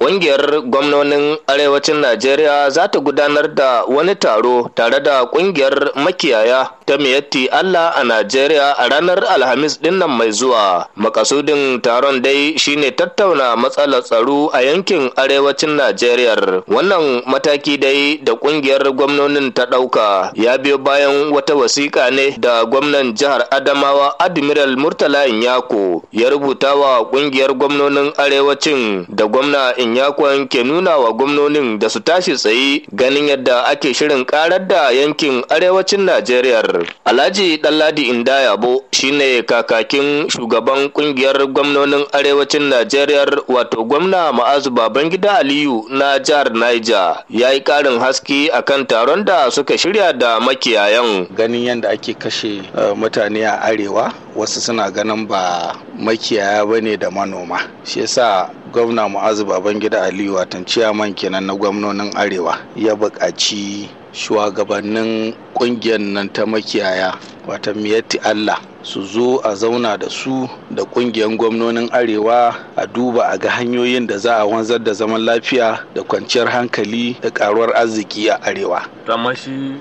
Ƙungiyar gwamnonin Arewacin Najeriya za ta gudanar da wani taro tare da ƙungiyar makiyaya ta Miyatti Allah a Najeriya a ranar Alhamis ɗinnan mai zuwa. Makasudin taron dai shine tattauna matsalar tsaro a yankin Arewacin Najeriya. Wannan mataki dai da ƙungiyar gwamnonin ta ɗauka ya biyo bayan wata wasiƙa ne da gwamnan jihar Adamawa Admiral Murtala inyako ya rubuta wa ƙungiyar gwamnonin Arewacin da gwamna yakon ke nuna wa gwamnonin da su tashi tsaye ganin yadda ake shirin karar da yankin arewacin Najeriya. Alhaji Ɗanladi Indayabo shine kakakin shugaban kungiyar gwamnonin arewacin Najeriya wato gwamna Ma'azu Babangida Aliyu na jihar Niger ya yi ƙarin haske akan taron da suka shirya da makiyayan. Ganin yadda ake kashe eh, mutane a arewa wasu suna ganin ba makiyaya bane da manoma. Shi yasa gwamna mu'azu babangida aliyu watan ciyaman kenan na gwamnonin arewa ya buƙaci shugabannin ƙungiyar nan ta makiyaya wata miyatti Allah su zo a zauna da su da kungiyan gwamnonin arewa a duba a ga hanyoyin da za a wanzar da zaman lafiya da kwanciyar hankali da karuwar arziki a arewa. amma shi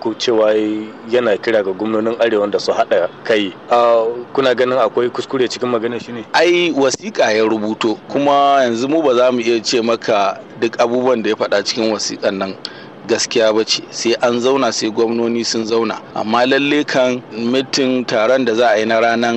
ku cewa yana kira ga gwamnonin arewa da su haɗa kai kuna ganin akwai kuskure cikin magana shi ne ai wasiƙa ya rubuto kuma yanzu mu ba za mu iya ce maka duk abubuwan da ya faɗa cikin wasiƙan nan gaskiya ba ce sai an zauna sai gwamnoni sun zauna amma lalle kan mitin taron da za a yi na ranar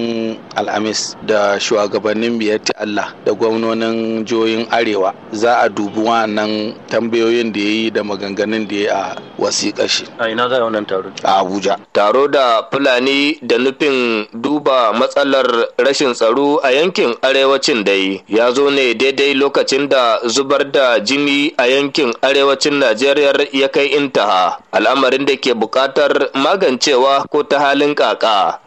alhamis da shugabannin biyar Allah da gwamnonin jihohin arewa za a dubi wannan tambayoyin da ya yi da maganganun da ya a wasiƙa shi. A ina za a wannan taro? A Abuja. Taro da Fulani da nufin duba matsalar rashin tsaro a yankin arewacin yi ya zo ne daidai lokacin da zubar da jini a yankin arewacin Najeriya ya kai intaha al'amarin da ke buƙatar magancewa ko ta halin kaka.